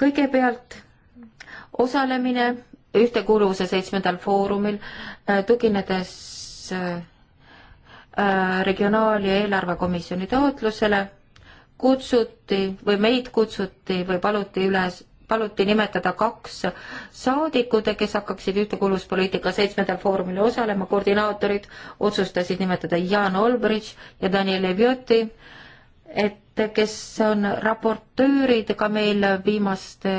kõigepealt osalemine ühtekuuluvuse seitsmendal foorumil, äh, tuginedes äh, äh, regionaal- ja eelarvekomisjoni taotlusele, kutsuti või meid kutsuti või paluti üles, paluti nimetada kaks saadikut, kes hakkaksid ühtekuuluvuspoliitika seitsmendal foorumil osalema, koordinaatorid otsustasid nimetada Jaan Olbrich ja Daniel Evjoti äh, et kes on raportöörid ka meil viimaste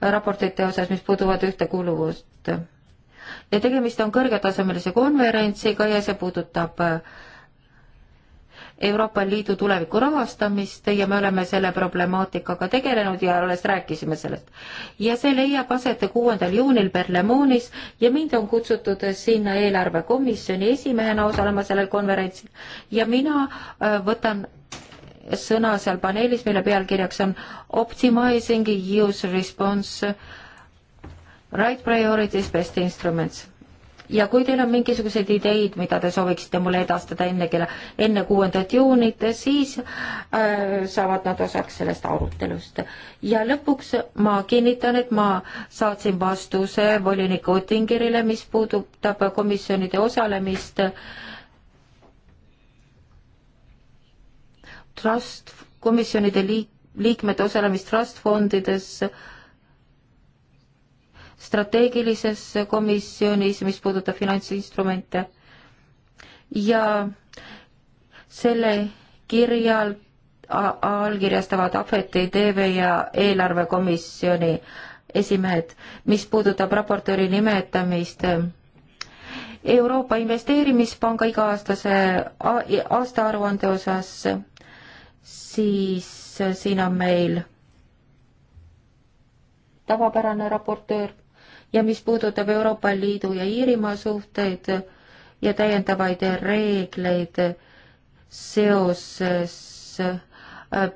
raportite osas, mis puuduvad ühtekuuluvust. ja tegemist on kõrgetasemelise konverentsiga ja see puudutab Euroopa Liidu tuleviku rahastamist ja me oleme selle problemaatikaga tegelenud ja alles rääkisime sellest. ja see leiab aset kuuendal juunil Berlemoonis ja mind on kutsutud sinna eelarvekomisjoni esimehena osalema sellel konverentsil ja mina äh, võtan sõna seal paneelis, mille pealkirjaks on Optimizing Use Response Right Priorities Best Instruments. ja kui teil on mingisuguseid ideid, mida te sooviksite mulle edastada enne kella, enne kuuendat juunit, siis äh, saavad nad osaks sellest arutelust. ja lõpuks ma kinnitan, et ma saatsin vastuse volinik Ottingerile, mis puudutab komisjonide osalemist äh, trust, komisjonide liik-, liikmete osalemist trust fondides, strateegilises komisjonis, mis puudutab finantsinstrumente ja selle kirjal allkirjastavad Ahveti, TV ja eelarvekomisjoni esimehed, mis puudutab raportööri nimetamist Euroopa Investeerimispanga iga-aastase aastaaruande osas siis äh, siin on meil tavapärane raportöör ja mis puudutab Euroopa Liidu ja Iirimaa suhteid ja täiendavaid reegleid seoses äh,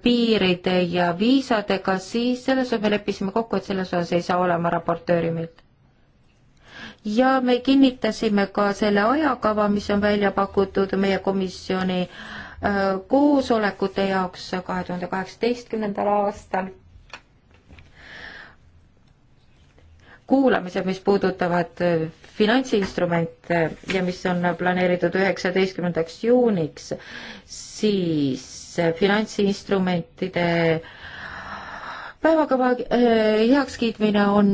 piiride ja viisadega, siis selles me leppisime kokku, et selles osas ei saa olema raportööri meilt. ja me kinnitasime ka selle ajakava, mis on välja pakutud meie komisjoni äh, koosolekute jaoks kahe tuhande kaheksateistkümnendal aastal. kuulamised, mis puudutavad äh, finantsinstrumente ja mis on planeeritud üheksateistkümnendaks juuniks, siis äh, finantsinstrumentide päevakava äh, heakskiitmine on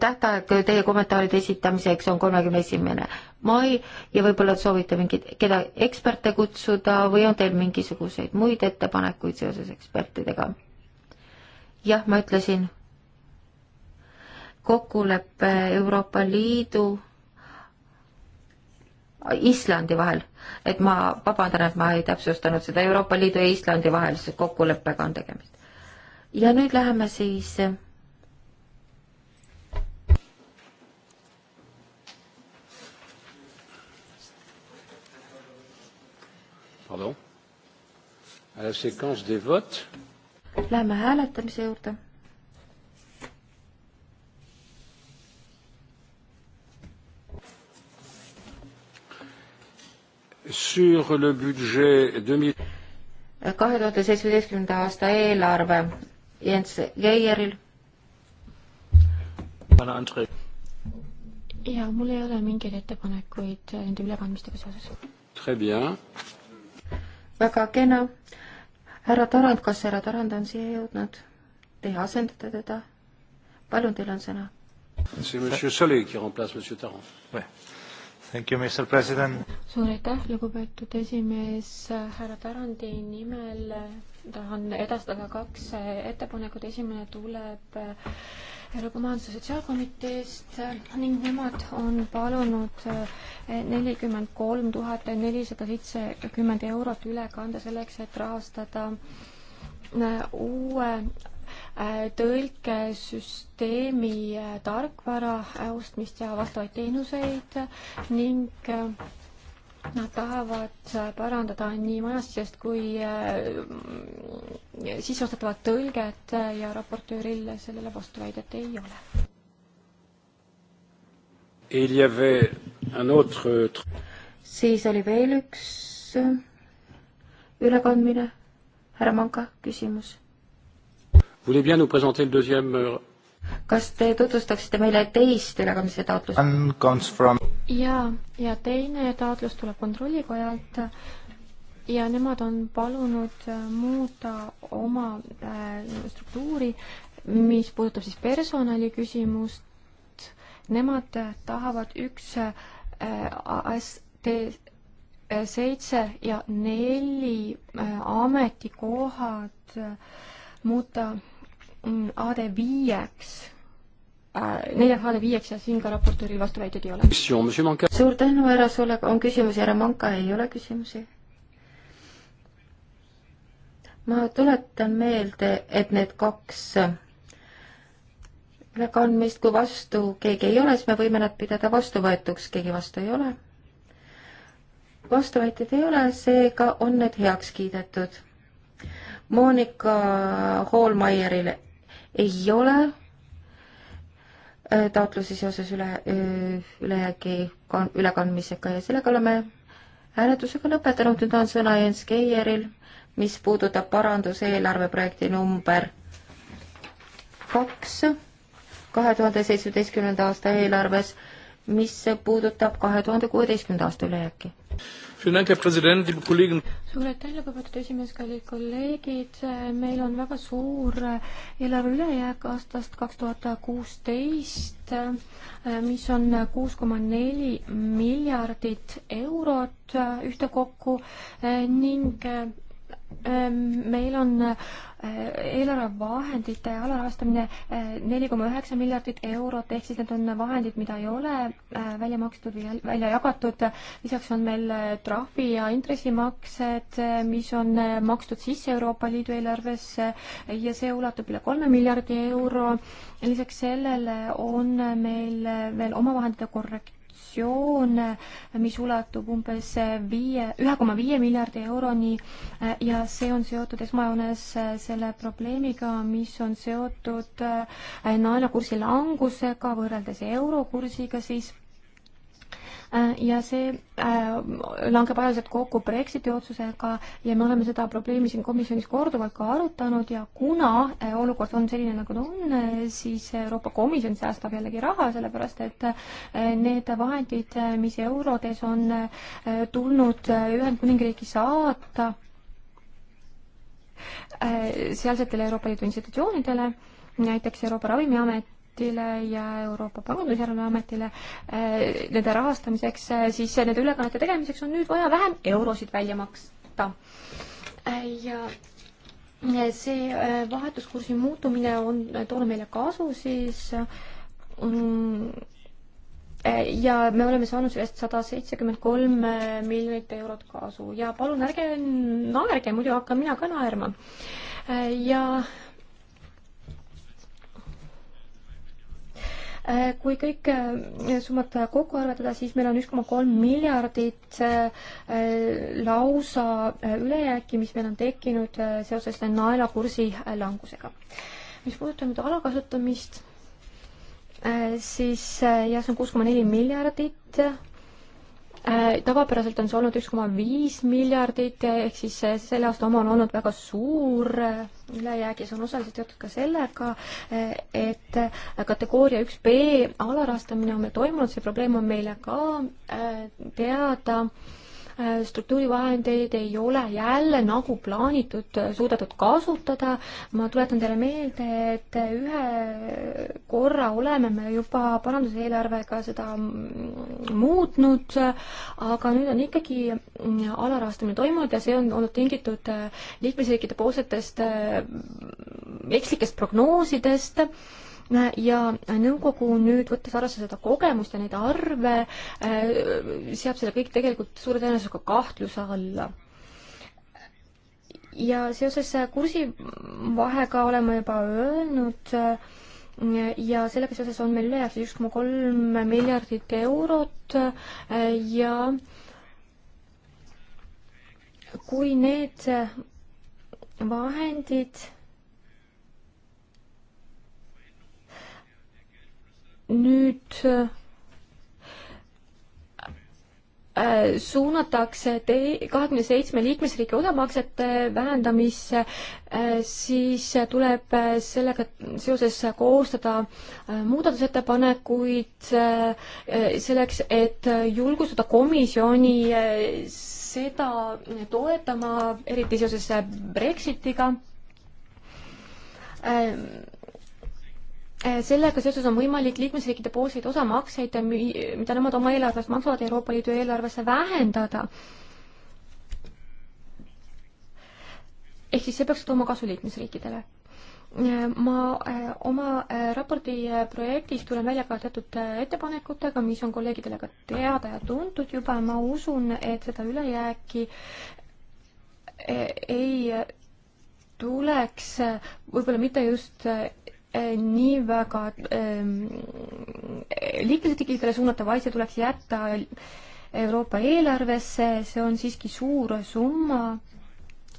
tähtaeg teie kommentaaride esitamiseks on kolmekümne esimene mai ja võib-olla soovite mingeid, keda eksperte kutsuda või on teil mingisuguseid muid ettepanekuid seoses ekspertidega? jah, ma ütlesin, kokkulepe Euroopa Liidu Islandi vahel, et ma vabandan, et ma ei täpsustanud seda Euroopa Liidu ja Islandi vahelise kokkuleppega on tegemist. ja nüüd läheme siis pardon, à la séquence des votes. Läheme hääletamise juurde. Sur le budget 2000... 2017. aasta eelarve Jens Geieril. ja mul ei ole mingeid ettepanekuid nende ülekandmistega seoses. Très bien väga kena. härra Tarand, kas härra Tarand on siia jõudnud? Teie asendate teda? palun, teil on sõna. suur aitäh, lugupeetud esimees, härra Tarandi nimel tahan edastada kaks ettepanekut, esimene tuleb äh, Euroopa Majandus- ja Sotsiaalkomiteest ning nemad on palunud eh, nelikümmend kolm tuhat nelisada seitsekümmend eurot üle kanda selleks, et rahastada eh, uue eh, tõlkesüsteemi tarkvara ostmist ja vastavaid teenuseid ning Nad tahavad parandada nii majasisest kui sisseostatavat tõlget ja raportööril sellele vastuväidet ei ole. Il y avait un autre... siis oli veel üks äh, ülekandmine. härra Manka, küsimus. Euh, kas te tutvustaksite meile teist ülekandmise taotlust? jaa, ja teine taotlus tuleb Kontrollikojalt ja nemad on palunud äh, muuta oma äh, struktuuri, mis puudutab siis personali küsimust. Nemad äh, tahavad üks AST seitse ja neli ametikohad muuta mm, AD viieks neljaks alla viieks ja siin ka raportööril vastuväiteid ei ole. suur tänu, härra Sulek, on küsimusi, härra Manka ei ole küsimusi? ma tuletan meelde, et need kaks ülekandmist, kui vastu keegi ei ole, siis me võime nad pidada vastuvõetuks, keegi vastu ei ole. vastuväiteid ei ole, seega on need heaks kiidetud. Monika Hallmeierile ei ole äh, taotlusi seoses üle, äh, ülejäägi ülekandmisega ja sellega oleme hääletusega lõpetanud, nüüd on sõna Jens Keieril mis puudutab paranduseelarve projekti number kaks kahe tuhande seitsmeteistkümnenda aasta eelarves, mis puudutab kahe tuhande kuueteistkümnenda aasta ülejääki. suur aitäh, lugupeetud esimees, kallid kolleegid, meil on väga suur eelarve ülejääk aastast kaks tuhat kuusteist, mis on kuus koma neli miljardit eurot ühtekokku ning Ehm, meil on eh, eelarvevahendite alarahastamine eh, neli koma üheksa miljardit eurot, ehk siis need on vahendid, mida ei ole eh, välja makstud või välja jagatud. lisaks on meil trahvi ja intressimaksed, mis on makstud sisse Euroopa Liidu eelarvesse ja see ulatub üle kolme miljardi euro. lisaks sellele on meil veel omavahendite korrekt-, sanktsioon, mis ulatub umbes viie, ühe koma viie miljardi euroni ja see on seotud esmajoones selle probleemiga, mis on seotud naelakursi langusega võrreldes eurokursiga siis Äh, ja see äh, langeb ajaliselt kokku Brexiti otsusega ja me oleme seda probleemi siin komisjonis korduvalt ka arutanud ja kuna äh, olukord on selline, nagu ta on, siis Euroopa Komisjon säästab jällegi raha, sellepärast et need vahendid, mis eurodes on tulnud Ühendkuningriigi saata sealsetele Euroopa Liidu institutsioonidele, näiteks Euroopa Ravimiamet, Ametile ja Euroopa Pangandusjärelevalve Ametile äh, nende rahastamiseks äh,, siis nende ülekannete tegemiseks on nüüd vaja vähem eurosid välja maksta äh,. ja see vahetuskursi muutumine on toonud meile kasu siis mm, ja me oleme saanud sellest sada seitsekümmend kolm miljonit eurot kasu ja palun ärge naerge, muidu hakkan mina ka naerma. ja Äh, kui kõik äh, summad kokku arvatada, siis meil on üks koma kolm miljardit äh, lausa ülejääki, mis meil on tekkinud seoses naelakursi langusega. mis puudutab nüüd alakasutamist, siis jah, see on kuus koma neli miljardit Äh, tavapäraselt on see olnud üks koma viis miljardit, ehk siis selle aasta oma on olnud väga suur äh, ülejääk ja see on osaliselt seotud ka sellega, äh, et kategooria üks B alarahastamine on meil toimunud, see probleem on meile ka teada Äh, struktuurivahendeid ei ole jälle nagu plaanitud äh, suudetud kasutada. ma tuletan teile meelde, et äh, ühe korra oleme me juba paranduseelarvega seda mm, muutnud, aga nüüd on ikkagi mm, alarahastamine toimunud ja see on olnud tingitud liikmesriikide poolsetest ekslikest prognoosidest Äh, ja nõukogu nüüd, võttes arvesse seda kogemust ja neid arve, äh, seab selle kõik tegelikult suure tõenäosusega kahtluse alla ja seoses kursivahega oleme juba öelnud äh, ja sellega seoses on meil ülejääk üks koma kolm miljardit eurot ja kui need vahendid nüüd äh, suunatakse kahekümne seitsme liikmesriigi osamaksete vähendamisse, äh, siis tuleb äh, sellega seoses koostada muudatusettepanekuid selleks, et julgustada komisjoni seda toetama, eriti seoses Brexitiga Äh, sellega seoses on võimalik liikmesriikide poolseid osamakseid, mida nemad oma eelarvest maksavad, Euroopa Liidu eelarvesse vähendada. ehk siis see peaks tooma kasu liikmesriikidele äh, ma äh, oma raporti projektis tulen välja ka teatud ettepanekutega, mis on kolleegidele ka teada ja tuntud juba, ma usun, et seda ülejääki ei tuleks võib-olla mitte just Eh, nii väga ehm, liikmesriikidele suunata, vaid see tuleks jätta Euroopa eelarvesse, see on siiski suur summa.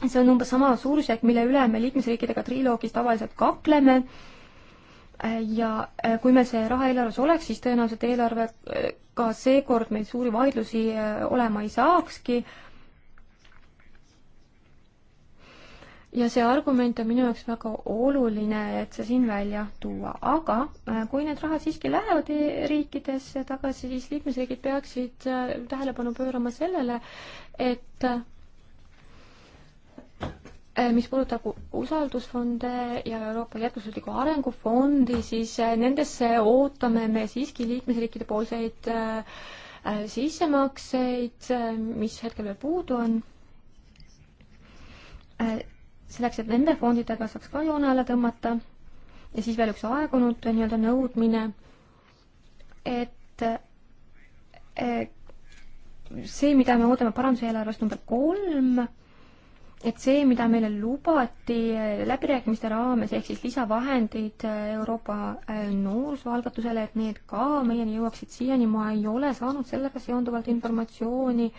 see on umbes sama suurusjärk, mille üle me liikmesriikidega triloogis tavaliselt kakleme. Eh, ja eh, kui meil see raha eelarves oleks, siis tõenäoliselt eelarvega seekord meil suuri vaidlusi olema ei saakski ja see argument on minu jaoks väga oluline, et see siin välja tuua, aga äh, kui need rahad siiski lähevad e riikidesse tagasi, siis liikmesriigid peaksid äh, tähelepanu pöörama sellele, et äh, mis puudutab usaldusfonde ja Euroopa Jätkusuutliku Arengufondi, siis nendesse ootame me siiski liikmesriikide poolseid sissemakseid, mis hetkel veel puudu on selleks, et nende fondidega saaks ka joone alla tõmmata. ja siis veel üks aegunud nii-öelda nõudmine, et e, see, mida me ootame paranduseelarvest number kolm, et see, mida meile lubati läbirääkimiste raames, ehk siis lisavahendid Euroopa e, noorsooalgatusele, et need ka meieni jõuaksid, siiani ma ei ole saanud sellega seonduvalt informatsiooni äh,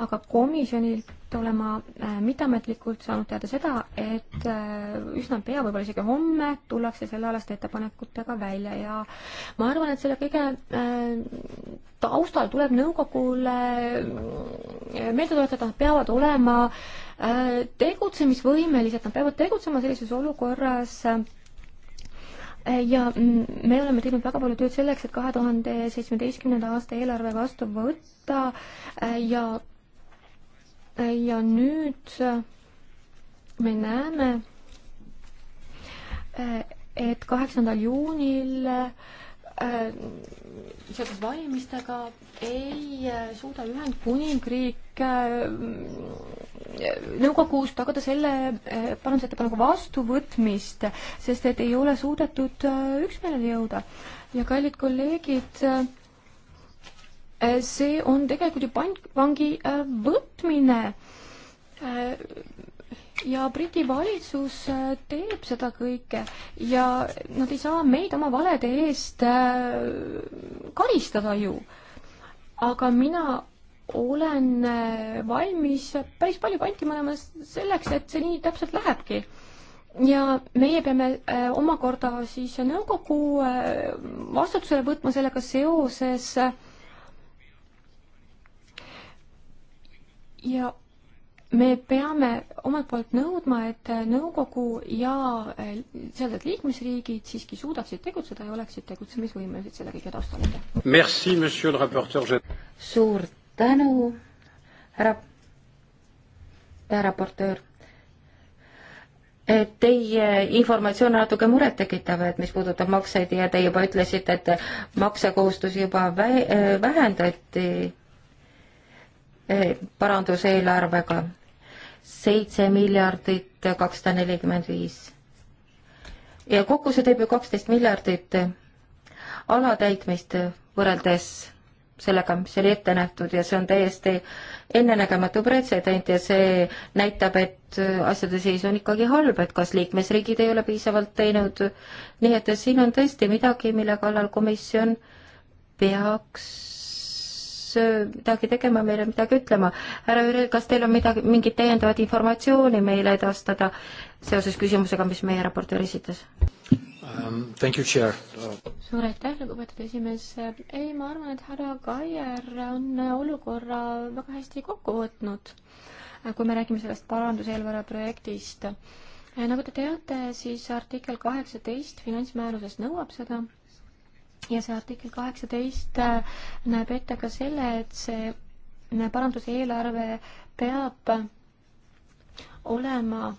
aga komisjonilt olen ma äh, mitteametlikult saanud teada seda, et äh, üsna pea, võib-olla isegi homme, tullakse sellealaste ettepanekutega välja ja ma arvan, et selle kõige äh, taustal tuleb nõukogule meelde tuletada, et nad peavad olema tegutsemisvõimelised, nad peavad tegutsema sellises olukorras, ja me oleme teinud väga palju tööd selleks, et kahe tuhande seitsmeteistkümnenda aasta eelarve vastu võtta ja ja nüüd äh, me näeme, äh, et kaheksandal juunil äh, seoses valimistega ei suuda Ühendkuningriik nõukogus tagada selle parandusettepaneku vastuvõtmist, sest et ei ole suudetud üksmeelele jõuda. ja kallid kolleegid, Äh, see on tegelikult ju pank, vangi äh, võtmine. Äh, ja Briti valitsus teeb seda kõike ja nad ei saa meid oma valede eest karistada ju. aga mina olen valmis päris palju pantima olema selleks, et see nii täpselt lähebki ja meie peame äh, omakorda siis nõukogu äh, vastutusele võtma sellega seoses äh, ja me peame omalt poolt nõudma, et nõukogu ja eh, sealsed liikmesriigid siiski suudaksid tegutseda ja oleksid tegutsemisvõimelised selle kõige taustal. suur tänu, härra, raportöör. Eh, teie informatsioon on natuke murettekitav, et mis puudutab makseid ja te juba ütlesite, et maksekohustusi juba vä eh, vähendati Eh, paranduseelarvega seitse miljardit kakssada nelikümmend viis. ja kokku see teeb ju kaksteist miljardit alatäitmist võrreldes sellega, mis oli ette nähtud ja see on täiesti ennenägematu pretsedent ja see näitab, et asjade seis on ikkagi halb, et kas liikmesriigid ei ole piisavalt teinud. nii et siin on tõesti midagi, mille kallal komisjon peaks Äh, midagi tegema, meile midagi ütlema. härra Jüri, kas teil on midagi, mingit täiendavat informatsiooni meile edastada seoses küsimusega, mis meie raportöör esitas um,? suur aitäh, lugupeetud esimees. ei, ma arvan, et härra Kaier on olukorra väga hästi kokku võtnud, kui me räägime sellest paranduseelarve projektist nagu te teate, siis artikkel kaheksateist finantsmääruses nõuab seda ja see artikkel kaheksateist äh, näeb ette ka selle, et see äh, paranduse eelarve peab äh, olema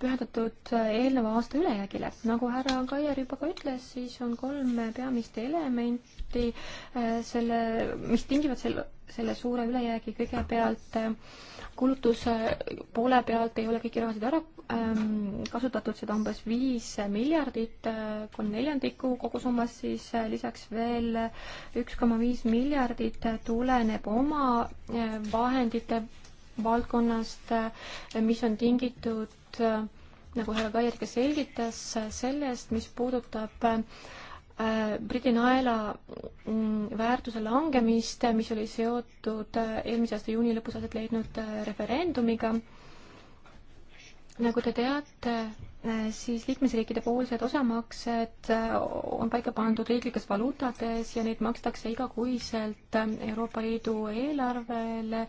pühendatud eelneva aasta ülejäägile. nagu härra Kaier juba ka ütles, siis on kolm peamist elementi selle, mis tingivad selle, selle suure ülejäägi kõigepealt kulutuse poole pealt ei ole kõiki rahasid ära Ähm, kasutatud seda umbes viis miljardit, äh, kolm neljandikku kogusummast, siis äh, lisaks veel üks koma viis miljardit tuleneb oma äh, vahendite valdkonnast, mis on tingitud, nagu härra Kaier ka selgitas, sellest, mis puudutab Briti naela mm, väärtuse langemist, mis oli seotud eelmise aasta juuni lõpus aset leidnud referendumiga nagu te teate, eh, siis liikmesriikide poolsed osamaksed eh, on paika pandud riiklikes valuutades ja neid makstakse igakuiselt eh, Euroopa Liidu eelarvele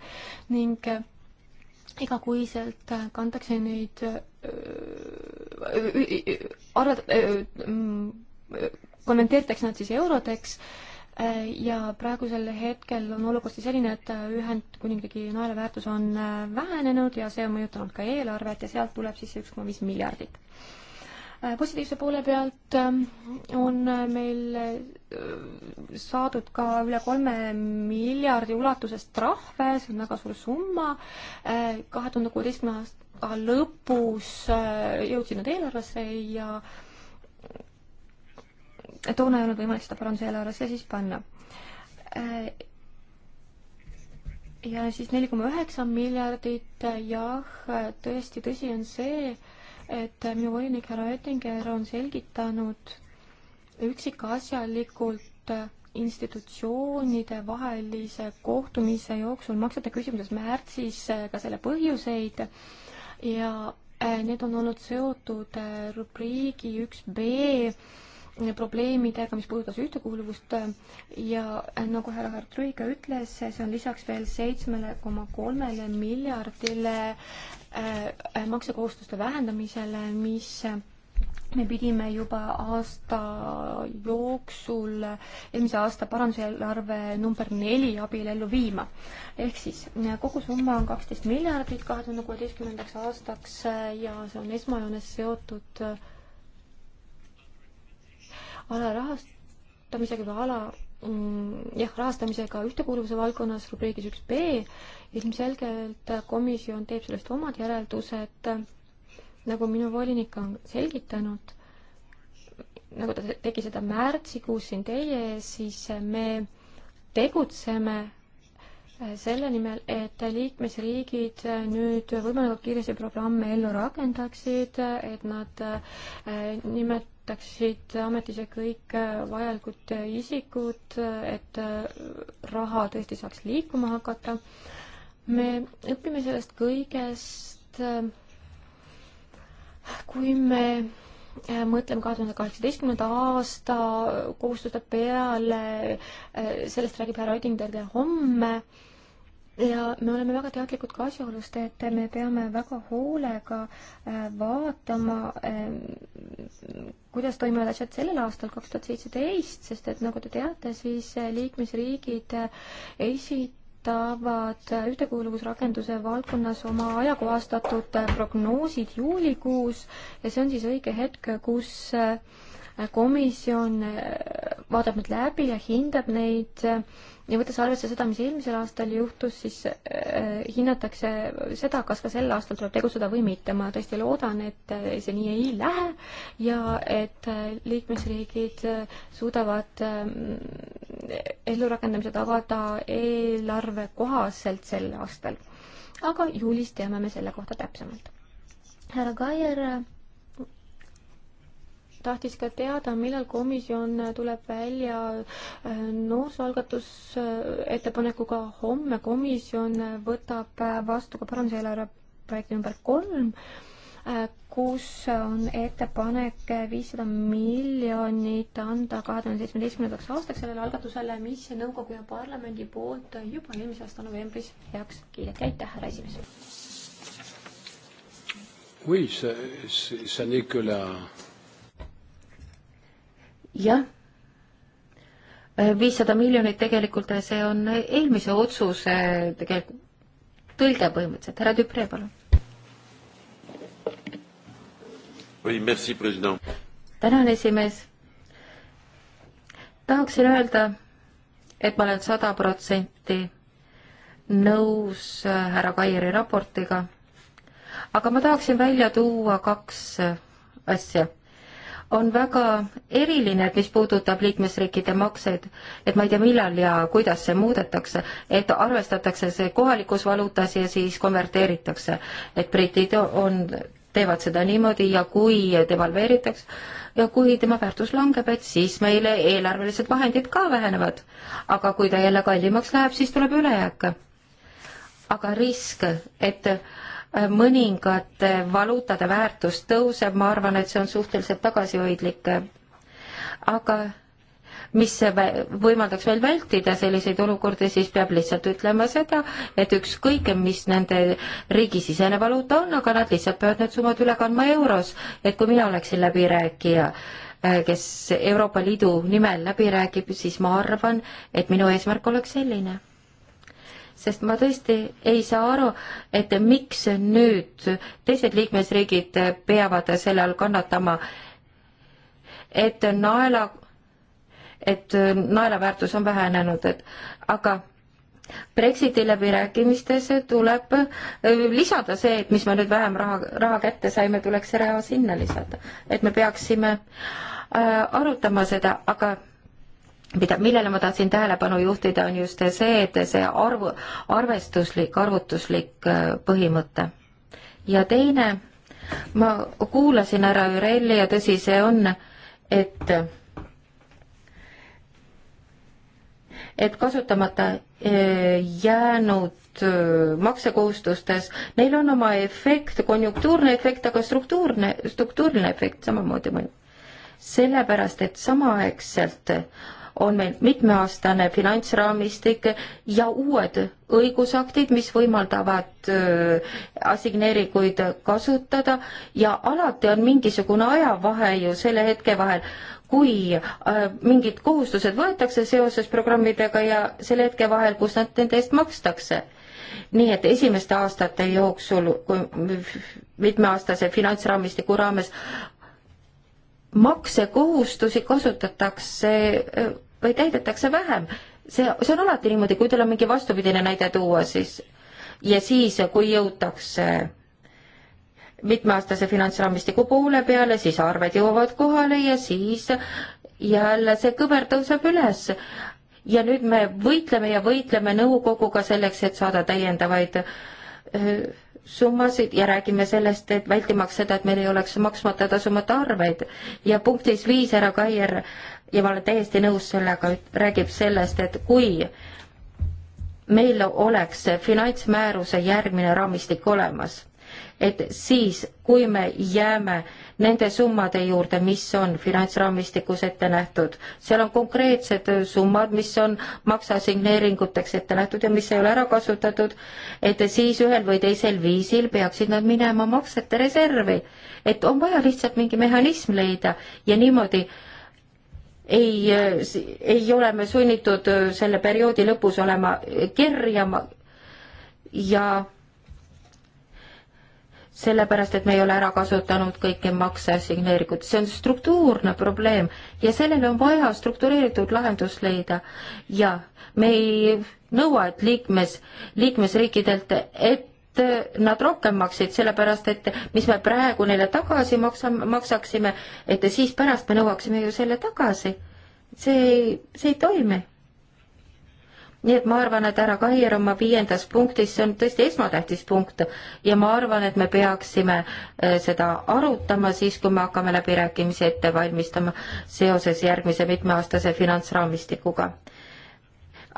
ning igakuiselt kantakse neid arvad- mm, konverteeritakse nad siis eurodeks Äh, ja praegusel hetkel on olukord siis selline, et äh, Ühendkuningriigi naelaväärtus on äh, vähenenud ja see on mõjutanud ka eelarvet ja sealt tuleb siis see üks koma viis miljardit. positiivse poole pealt ähm, on meil saadud ka üle kolme miljardi ulatuses trahve, see on väga suur summa, kahe tuhande kuueteistkümne aasta lõpus jõudsid nad eelarvesse ja toona ei olnud võimalik seda paranduseelarvesse siis panna. ja siis neli koma üheksa miljardit, jah, tõesti, tõsi on see, et minu volinik härra Oettinger on selgitanud üksikasjalikult institutsioonide vahelise kohtumise jooksul maksete küsimuses märtsis ka selle põhjuseid ja eh, need on olnud seotud eh, rubriigi üks B probleemidega, mis puudutas ühtekuuluvust äh, ja äh, nagu härra Hartruiga ütles, äh, see on lisaks veel seitsmele koma kolmele miljardile maksekohustuste vähendamisele, mis me pidime juba aasta jooksul, eelmise aasta paranduseelarve number neli abil ellu viima. ehk siis kogusumma on kaksteist miljardit kahe tuhande kuueteistkümnendaks aastaks ja see on esmajoones seotud äh, alarahastamisega või ala mm, jah, rahastamisega ühtekuuluvuse valdkonnas rubriigis üks B. ilmselgelt komisjon teeb sellest omad järeldused, nagu minu volinik on selgitanud, nagu ta tegi seda märtsikuus siin teie ees, siis me tegutseme selle nimel, et liikmesriigid nüüd võimalikult kiiresti programme ellu rakendaksid, et nad eh, nimelt võtaksid ametisse kõik äh, vajalikud äh, isikud, äh, et raha tõesti saaks liikuma hakata. me õpime sellest kõigest, kui me mõtleme kahe tuhande kaheksateistkümnenda aasta kohustuste peale, sellest räägib härra Oedinger homme ja me oleme väga teadlikud ka asjaolust, et me peame väga hoolega vaatama kuidas toimivad asjad sellel aastal, kaks tuhat seitseteist, sest et nagu te teate, siis liikmesriigid esitavad ühtekuuluvusrakenduse valdkonnas oma ajakohastatud prognoosid juulikuus ja see on siis õige hetk, kus komisjon äh, vaatab need läbi ja hindab neid äh, ja võttes arvesse seda, mis eelmisel aastal juhtus, siis äh, hinnatakse seda, kas ka sel aastal tuleb tegutseda või mitte. ma tõesti loodan, et see nii ei lähe ja et liikmesriigid suudavad ellurakendamise tagada eelarve kohaselt sel aastal. aga juulis teame me selle kohta täpsemalt. härra Kaier tahtis ka teada, millal komisjon tuleb välja äh, noorsooalgatuse äh, ettepanekuga. homme komisjon võtab äh, vastu ka parandusjärelevalve projekti number kolm, kus on ettepanek viissada miljonit anda kahe tuhande seitsmeteistkümnendaks aastaks sellele algatusele, mis nõukogu ja parlamendi poolt juba eelmise aasta novembris heaks kiideti. aitäh, härra esimees! Oui, ça, ça n'est que la, jah, äh, viissada miljonit tegelikult, äh, see on äh, eelmise otsuse tegelikult tõlge põhimõtteliselt, härra Tüpre, palun. Oui, merci, president. tänan, esimees. tahaksin öelda, et ma olen sada protsenti nõus härra Kairi raportiga, aga ma tahaksin välja tuua kaks asja on väga eriline, et mis puudutab liikmesriikide makseid, et ma ei tea, millal ja kuidas see muudetakse, et arvestatakse see kohalikus valuutas ja siis konverteeritakse. et britid on, teevad seda niimoodi ja kui devalveeritakse ja kui tema väärtus langeb, et siis meile eelarvelised vahendid ka vähenevad. aga kui ta jälle kallimaks läheb, siis tuleb ülejääk. aga risk, et äh, Äh, mõningate valuutade väärtus tõuseb, ma arvan, et see on suhteliselt tagasihoidlik. aga mis võimaldaks meil vältida selliseid olukordi, siis peab lihtsalt ütlema seda, et ükskõik, mis nende riigisisene valuuta on, aga nad lihtsalt peavad need summad üle kandma euros. et kui mina oleksin läbirääkija, äh, kes Euroopa Liidu nimel läbi räägib, siis ma arvan, et minu eesmärk oleks selline sest ma tõesti ei saa aru, et miks nüüd teised liikmesriigid peavad selle all kannatama, et naela, et naela väärtus on vähenenud, et aga Brexiti läbirääkimistes tuleb äh, lisada see, et mis me nüüd vähem raha, raha kätte saime, tuleks see raha sinna lisada. et me peaksime äh, arutama seda, aga mida, millele ma tahtsin tähelepanu juhtida, on just see, et see arvu, arvestuslik, arvutuslik äh, põhimõte. ja teine, ma kuulasin härra Jürelli ja tõsi see on, et et kasutamata äh, jäänud äh, maksekohustustes, neil on oma efekt, konjunktuurne efekt, aga struktuurne, struktuurne efekt samamoodi mõjub. sellepärast, et samaaegselt on meil mitmeaastane finantsraamistik ja uued õigusaktid, mis võimaldavad äh, assigneeringuid kasutada ja alati on mingisugune ajavahe ju selle hetke vahel, kui äh, mingid kohustused võetakse seoses programmidega ja selle hetke vahel, kus nad nende eest makstakse nii et esimeste aastate jooksul, kui mitmeaastase finantsraamistiku raames maksekohustusi kasutatakse eh, või täidetakse vähem. see, see on alati niimoodi, kui teil on mingi vastupidine näide tuua, siis ja siis, kui jõutakse mitmeaastase finantsraamistiku poole peale, siis arved jõuavad kohale ja siis jälle see kõver tõuseb üles. ja nüüd me võitleme ja võitleme nõukoguga selleks, et saada täiendavaid öö, eh, summasid ja räägime sellest, et vältimaks seda, et meil ei oleks maksmata tasumata arveid. ja punktis viis härra Kaier, ja ma olen täiesti nõus sellega, räägib sellest, et kui meil oleks finantsmääruse järgmine raamistik olemas, et siis, kui me jääme nende summade juurde, mis on finantsraamistikus ette nähtud, seal on konkreetsed summad, mis on makseassigneeringuteks ette nähtud ja mis ei ole ära kasutatud, et siis ühel või teisel viisil peaksid nad minema maksete reservi. et on vaja lihtsalt mingi mehhanism leida ja niimoodi ei, ei ole me sunnitud selle perioodi lõpus olema kerjama ja sellepärast, et me ei ole ära kasutanud kõiki makse signeeringut, see on struktuurne probleem ja sellele on vaja struktureeritud lahendus leida ja me ei nõua, et liikmes, liikmesriikidelt, et nad rohkem maksid, sellepärast et mis me praegu neile tagasi maksame, maksaksime, et siis pärast me nõuaksime ju selle tagasi. see, see ei toimi nii et ma arvan, et härra Kair oma viiendas punktis, see on tõesti esmatähtis punkt ja ma arvan, et me peaksime äh, seda arutama siis, kui me hakkame läbirääkimisi ette valmistama seoses järgmise mitmeaastase finantsraamistikuga.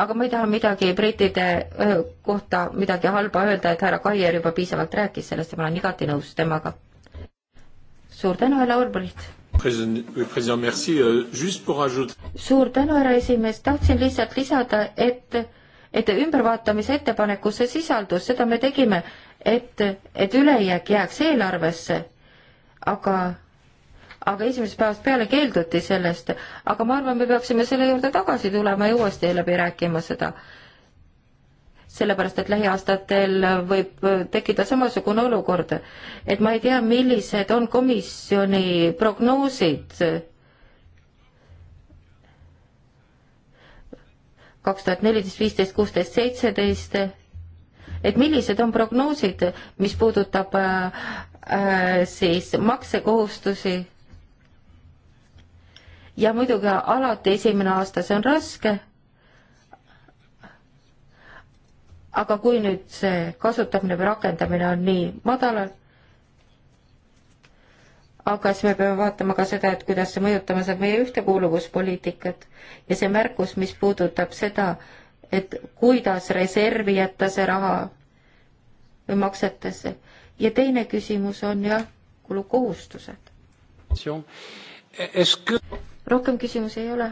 aga ma ei taha midagi brittide äh, kohta midagi halba öelda, et härra Kair juba piisavalt rääkis sellest ja ma olen igati nõus temaga. suur tänu, härra Olbrit! Euh, suur tänu, härra esimees, tahtsin lihtsalt lisada, et, et ümbervaatamise ettepanekus see sisaldus, seda me tegime, et, et ülejääk jääks eelarvesse, aga, aga esimesest päevast peale keelduti sellest, aga ma arvan, me peaksime selle juurde tagasi tulema ja uuesti läbi rääkima seda sellepärast et lähiaastatel võib tekkida samasugune olukord. et ma ei tea, millised on komisjoni prognoosid kaks tuhat neliteist, viisteist, kuusteist, seitseteist, et millised on prognoosid, mis puudutab äh, äh siis maksekohustusi ja muidugi alati esimene aasta, see on raske aga kui nüüd see kasutamine või rakendamine on nii madalal, aga siis me peame vaatama ka seda, et kuidas see mõjutama saab meie ühtekuuluvuspoliitikat ja see märkus, mis puudutab seda, et kuidas reservi jätta see raha maksetesse. ja teine küsimus on jah, kulukohustused. rohkem küsimusi ei ole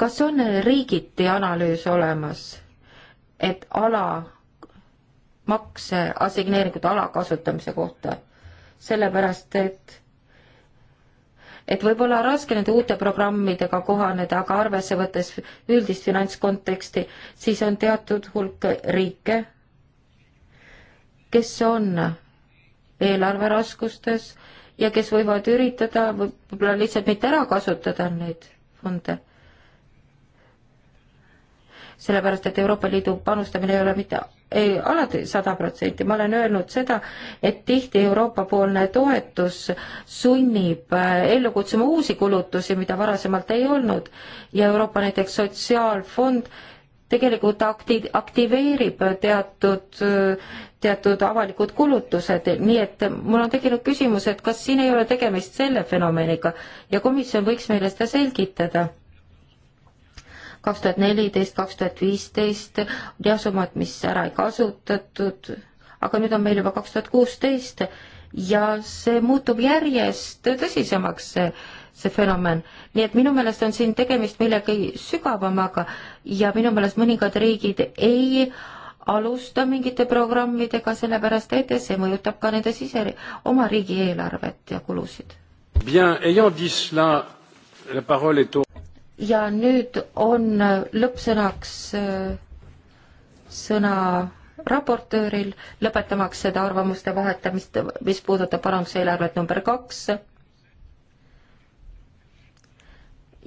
kas on riigiti analüüs olemas, et ala, makse assigneeringute alakasutamise kohta? sellepärast, et et võib-olla raske nende uute programmidega kohaneda, aga arvesse võttes üldist finantskonteksti, siis on teatud hulk riike, kes on eelarveraskustes ja kes võivad üritada võib-olla lihtsalt mitte ära kasutada neid fonde sellepärast et Euroopa Liidu panustamine ei ole mitte ei, alati sada protsenti, ma olen öelnud seda, et tihti Euroopa-poolne toetus sunnib äh, ellu kutsuma uusi kulutusi, mida varasemalt ei olnud ja Euroopa näiteks sotsiaalfond tegelikult akti-, aktiveerib teatud, teatud avalikud kulutused, nii et mul on tekkinud küsimus, et kas siin ei ole tegemist selle fenomeniga ja komisjon võiks meile seda selgitada kaks tuhat neliteist, kaks tuhat viisteist, jah, summad, mis ära ei kasutatud, aga nüüd on meil juba kaks tuhat kuusteist ja see muutub järjest tõsisemaks, see, see fenomen. nii et minu meelest on siin tegemist millegi sügavamaga ja minu meelest mõningad riigid ei alusta mingite programmidega, sellepärast et see mõjutab ka nende sise, oma riigieelarvet ja kulusid. Bien, ayant dit cela, la parole est au ja nüüd on lõppsõnaks äh, sõna raportööril, lõpetamaks seda arvamuste vahetamist, mis puudutab paranduseelarvet number kaks.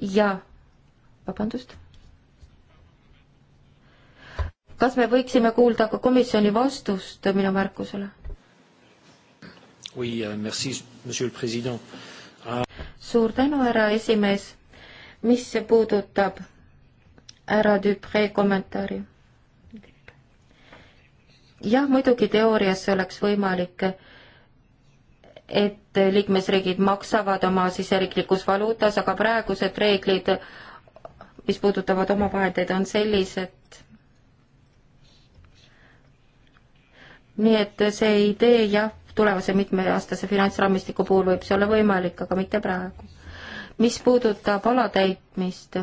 ja, vabandust. kas me võiksime kuulda ka komisjoni vastust minu märkusele? Oui, euh, merci, monsieur le president. suur tänu, härra esimees mis puudutab härra Dupre kommentaari. jah, muidugi teoorias oleks võimalik, et liikmesriigid maksavad oma siseriiklikus valuutas, aga praegused reeglid, mis puudutavad omavahendeid, on sellised, nii et see idee jah, tulevase mitmeaastase finantsraamistiku puhul võib see olla võimalik, aga mitte praegu mis puudutab alatäitmist,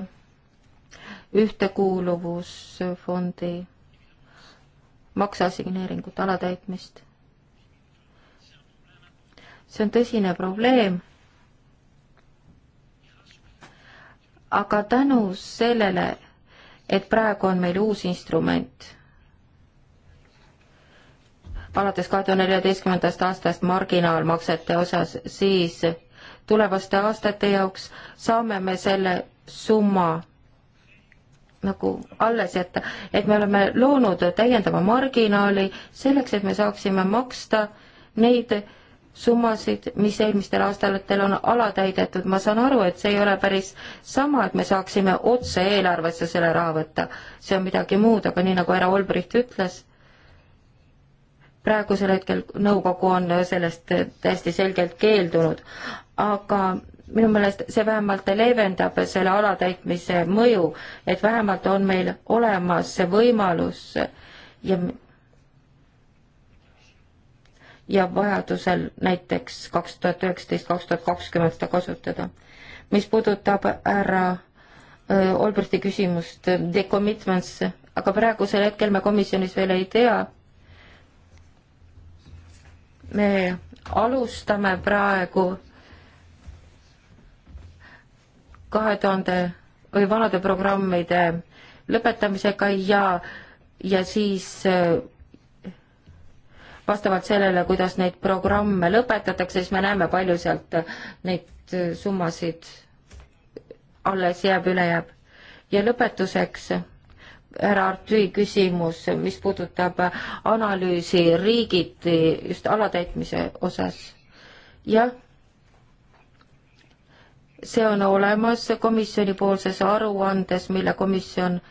ühtekuuluvusfondi makseassigneeringute alatäitmist, see on tõsine probleem aga tänu sellele, et praegu on meil uus instrument, alates kahe tuhande neljateistkümnendast aastast marginaalmaksete osas, siis tulevaste aastate jaoks, saame me selle summa nagu alles jätta, et me oleme loonud täiendava marginaali selleks, et me saaksime maksta neid summasid, mis eelmistel aastatel on alatäidetud, ma saan aru, et see ei ole päris sama, et me saaksime otse eelarvesse selle raha võtta, see on midagi muud, aga nii nagu härra Olbricht ütles, praegusel hetkel nõukogu on sellest täiesti selgelt keeldunud, aga minu meelest see vähemalt leevendab selle alatäitmise mõju, et vähemalt on meil olemas see võimalus ja ja vajadusel näiteks kaks tuhat üheksateist, kaks tuhat kakskümmend seda kasutada. mis puudutab härra Olberti küsimust decommitments, aga praegusel hetkel me komisjonis veel ei tea, me alustame praegu kahe tuhande või vanade programmide lõpetamisega ja, ja siis äh, vastavalt sellele, kuidas neid programme lõpetatakse, siis me näeme, palju sealt neid äh, summasid alles jääb, üle jääb. ja lõpetuseks härra Artüi küsimus, mis puudutab analüüsi riigiti just alatäitmise osas. jah, see on olemas komisjonipoolses aruandes, mille komisjon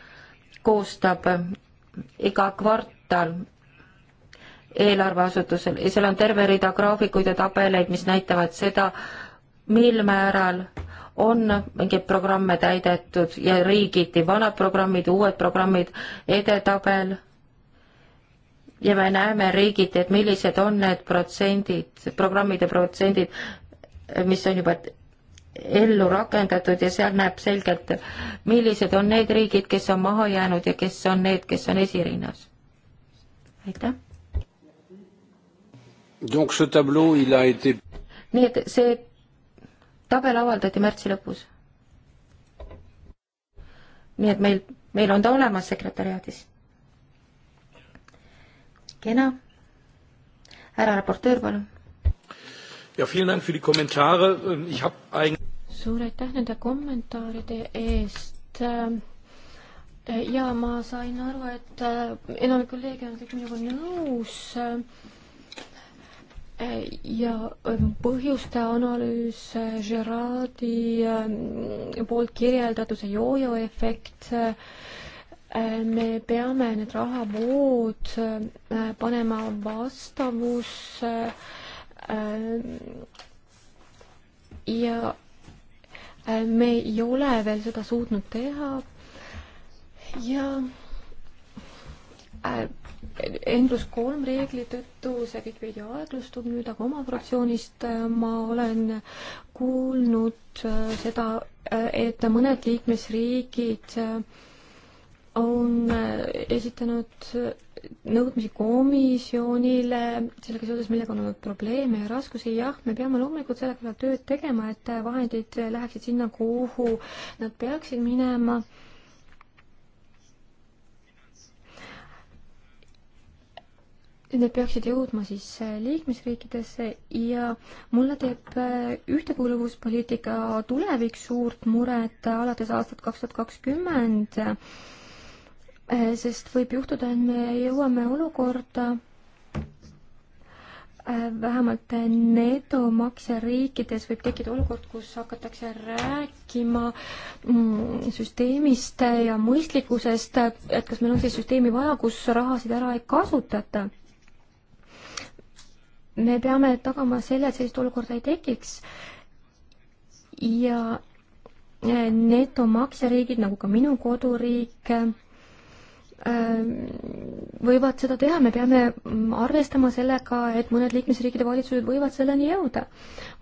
koostab iga kvartal eelarveasutusel ja seal on terve rida graafikuid ja tabeleid, mis näitavad seda, mil määral on mingeid programme täidetud ja riigiti vanad programmid, uued programmid, edetabel ja me näeme riigiti, et millised on need protsendid, programmide protsendid, mis on juba ellu rakendatud ja seal näeb selgelt, millised on need riigid, kes on maha jäänud ja kes on need, kes on esirinnas. aitäh. nii et see tabel avaldati märtsi lõpus. nii et meil, meil on ta olemas sekretäriaadis. kena. härra raportöör, palun. ja, hab... suur aitäh nende kommentaaride eest ja ma sain aru, et äh, enamik kolleege on kõik minuga nõus ja ähm, põhjuste analüüs, äh, Gerardi ähm, poolt kirjeldatud see joojo efekt, äh, me peame need rahavood äh, panema vastavusse ja me ei ole veel seda suutnud teha ja N pluss kolm reegli tõttu see kõik veidi aeglustub nüüd, aga oma fraktsioonist äh, ma olen kuulnud äh, seda, äh, et mõned liikmesriigid on esitanud nõudmisi komisjonile sellega seoses, millega on olnud probleeme ja raskusi, jah, me peame loomulikult selle kõrval tööd tegema, et vahendid läheksid sinna, kuhu nad peaksid minema need peaksid jõudma siis äh, liikmesriikidesse ja mulle teeb äh, ühtekuuluvuspoliitika tulevik suurt muret alates aastat kaks tuhat kakskümmend, äh, sest võib juhtuda, et me jõuame olukorda vähemalt netomaksjariikides võib tekkida olukord, kus hakatakse rääkima mm, süsteemist ja mõistlikkusest, et kas meil on siis süsteemi vaja, kus rahasid ära ei kasutata me peame tagama selle, et sellist olukorda ei tekiks ja eh, netomaksjariigid, nagu ka minu koduriik, eh, võivad seda teha, me peame arvestama sellega, et mõned liikmesriikide valitsused võivad selleni jõuda.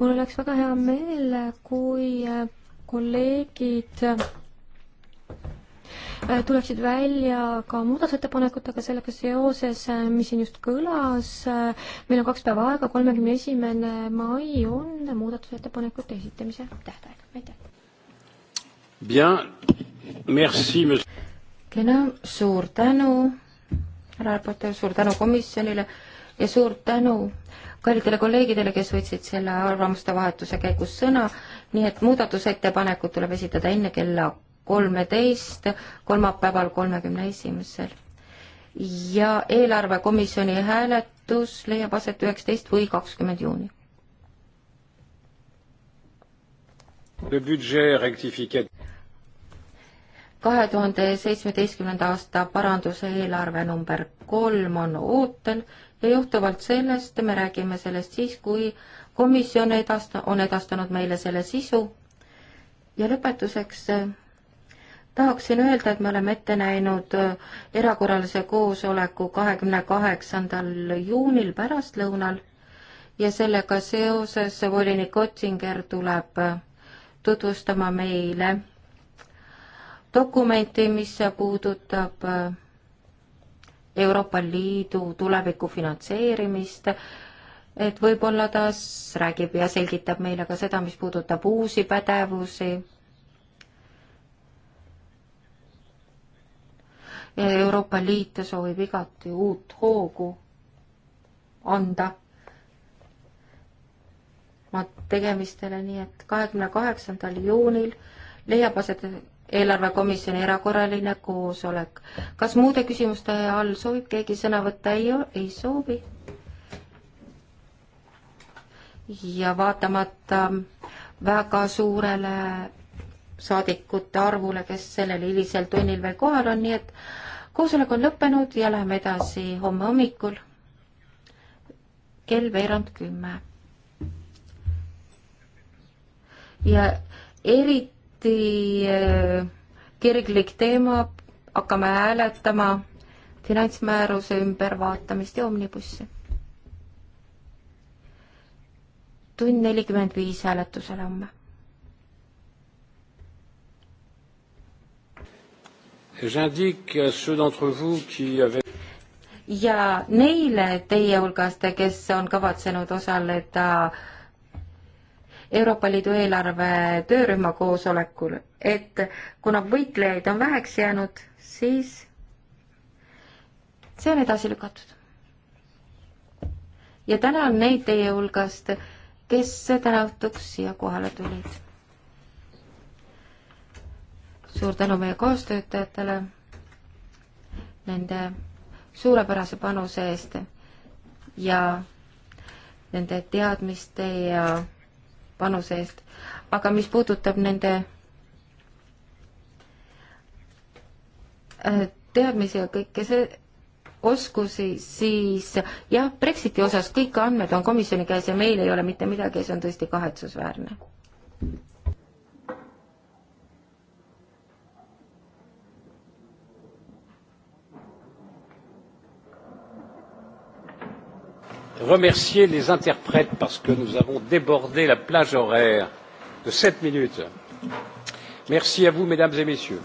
mul oleks väga hea meel, kui eh, kolleegid Äh, tuleksid välja ka muudatusettepanekutega sellega seoses, äh, mis siin just kõlas. Äh, meil on kaks päeva aega, kolmekümne esimene mai on muudatusettepanekute esitamise tähtaeg. aitäh. kena, suur tänu, härra raportöör, suur tänu komisjonile ja suur tänu kallidele kolleegidele, kes võtsid selle arvamuste vahetuse käigus sõna, nii et muudatusettepanekud tuleb esitada enne kella kolmeteist, kolmapäeval, kolmekümne esimesel. ja eelarvekomisjoni hääletus leiab aset üheksateist või kakskümmend juuni. kahe tuhande seitsmeteistkümnenda aasta paranduse eelarve number kolm on ootel ja johtuvalt sellest me räägime sellest siis, kui komisjon edasta-, on edastanud meile selle sisu ja lõpetuseks tahaksin öelda, et me oleme ette näinud äh, erakorralise koosoleku kahekümne kaheksandal juunil pärastlõunal ja sellega seoses volinik Otsinger tuleb äh, tutvustama meile dokumenti, mis puudutab äh, Euroopa Liidu tuleviku finantseerimist, et võib-olla ta räägib ja selgitab meile ka seda, mis puudutab uusi pädevusi Euroopa Liit soovib igati uut hoogu anda oma tegemistele, nii et kahekümne kaheksandal juunil leiab aset eelarvekomisjoni erakorraline koosolek. kas muude küsimuste all soovib keegi sõna võtta? ei, ei soovi. ja vaatamata väga suurele saadikute arvule, kes sellel hilisel tunnil veel kohal on, nii et koosolek on lõppenud ja läheme edasi homme hommikul kell veerand kümme. ja eriti äh, kirglik teema, hakkame hääletama finantsmääruse ümbervaatamist ja omnibussi. tund nelikümmend viis hääletusele homme J'indique à ceux d'entre vous qui avaient ja neile teie hulgast, kes on kavatsenud osaleda Euroopa Liidu eelarve töörühma koosolekul, et kuna võitlejaid on väheks jäänud, siis see on edasi lükatud. ja tänan neid teie hulgast, kes täna õhtuks siia kohale tulid suur tänu meie kaastöötajatele nende suurepärase panuse eest ja nende teadmiste ja panuse eest. aga mis puudutab nende äh, teadmisi ja kõike see, oskusi, siis jah, Brexiti osas kõik andmed on komisjoni käes ja meil ei ole mitte midagi ja see on tõesti kahetsusväärne. remercier les interprètes parce que nous avons débordé la plage horaire de sept minutes. merci à vous mesdames et messieurs.